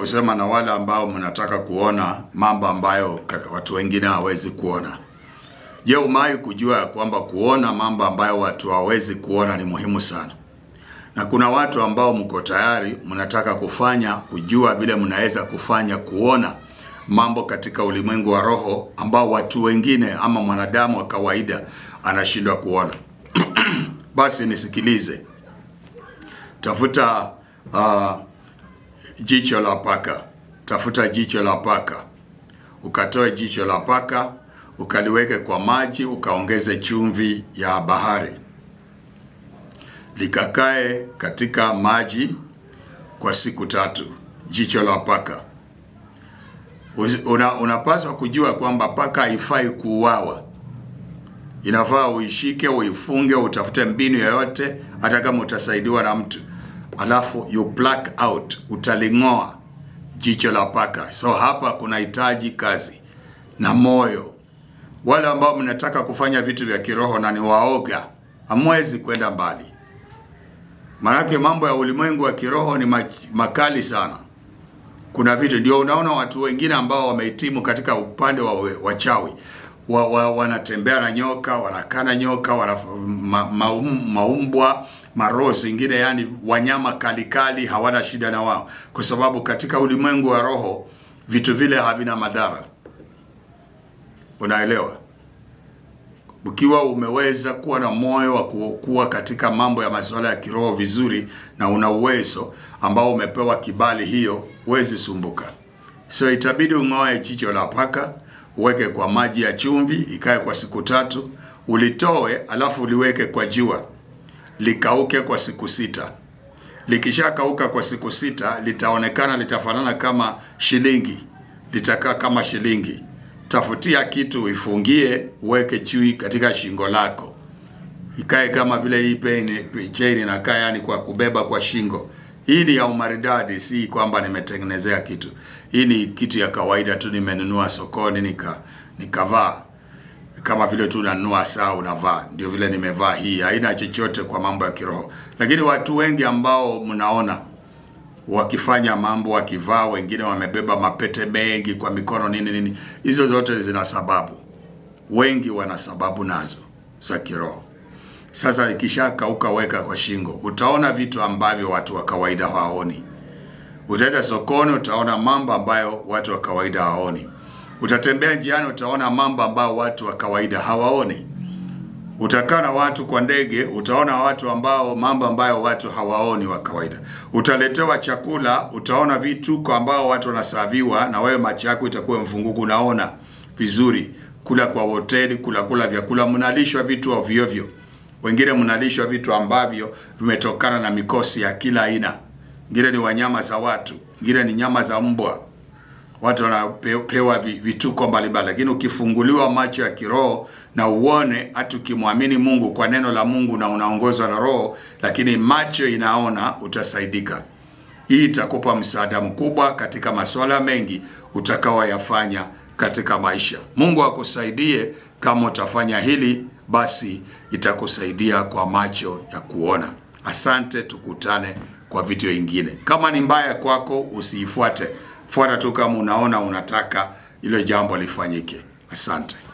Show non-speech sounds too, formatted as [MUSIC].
Usema na wale ambao mnataka kuona mambo ambayo watu wengine hawezi kuona. Je, umai kujua ya kwamba kuona mambo ambayo watu hawezi kuona ni muhimu sana? Na kuna watu ambao mko tayari mnataka kufanya kujua vile mnaweza kufanya kuona mambo katika ulimwengu wa roho ambao watu wengine ama mwanadamu wa kawaida anashindwa kuona. [CLEARS THROAT] Basi nisikilize. Tafuta uh, jicho la paka. Tafuta jicho la paka, ukatoe jicho la paka, ukaliweke kwa maji, ukaongeze chumvi ya bahari, likakae katika maji kwa siku tatu. Jicho la paka. Una, unapaswa kujua kwamba paka haifai kuuawa. Inafaa uishike, uifunge, utafute mbinu yoyote, hata kama utasaidiwa na mtu alafu you black out, utaling'oa jicho la paka. So hapa kunahitaji kazi na moyo. Wale ambao mnataka kufanya vitu vya kiroho na ni waoga, hamwezi kwenda mbali, maanake mambo ya ulimwengu wa kiroho ni makali sana. Kuna vitu ndio unaona watu wengine ambao wamehitimu katika upande wa wachawi wa, wa, wanatembea na nyoka, wanakaa na nyoka, wana ma, ma, maumbwa maroho zingine, yani wanyama kalikali hawana shida na wao, kwa sababu katika ulimwengu wa roho vitu vile havina madhara. Unaelewa? Ukiwa umeweza kuwa na moyo wa kuokuwa katika mambo ya masuala ya kiroho vizuri, na una uwezo ambao umepewa kibali hiyo, huwezi sumbuka. So itabidi ung'oe jicho la paka, uweke kwa maji ya chumvi, ikae kwa siku tatu, ulitoe alafu uliweke kwa jua likauke kwa siku sita. Likishakauka kwa siku sita, litaonekana litafanana kama shilingi, litakaa kama shilingi. Tafutia kitu ifungie, uweke chui katika shingo lako, ikae kama vile hii chain inakaa, yani kwa kubeba kwa shingo. Hii ni ya umaridadi, si kwamba nimetengenezea kitu. Hii ni kitu ya kawaida tu, nimenunua sokoni nika nikavaa kama vile tu unanunua saa unavaa, ndio vile nimevaa hii, haina chochote kwa mambo ya kiroho. Lakini watu wengi ambao mnaona wakifanya mambo, wakivaa, wengine wamebeba mapete mengi kwa mikono, nini nini, hizo zote zina sababu. Wengi wana sababu nazo za kiroho. Sasa ikishakauka, weka kwa shingo, utaona vitu ambavyo watu wa kawaida hawaoni. Utaenda sokoni, utaona mambo ambayo watu wa kawaida hawaoni. Utatembea njiani, utaona mambo ambayo watu wa kawaida hawaoni. Utakaa na watu kwa ndege, utaona watu ambao mambo ambayo watu hawaoni wa kawaida. Utaletewa chakula, utaona vitu kwa ambao watu wanasaviwa, na wewe macho yako itakuwa mfunguku, unaona vizuri. Kula kwa hoteli, kula kula vyakula, mnalishwa vitu ovyo ovyo, wengine mnalishwa vitu ambavyo vimetokana na mikosi ya kila aina. Ngine ni wanyama za watu, ngine ni nyama za mbwa watu wanapewa vituko mbalimbali, lakini ukifunguliwa macho ya kiroho na uone, hata ukimwamini Mungu kwa neno la Mungu na unaongozwa na Roho, lakini macho inaona, utasaidika. Hii itakupa msaada mkubwa katika masuala mengi utakaoyafanya katika maisha. Mungu akusaidie. Kama utafanya hili, basi itakusaidia kwa macho ya kuona. Asante, tukutane kwa video ingine. Kama ni mbaya kwako, usiifuate fuata tu kama unaona unataka ilo jambo lifanyike. Asante.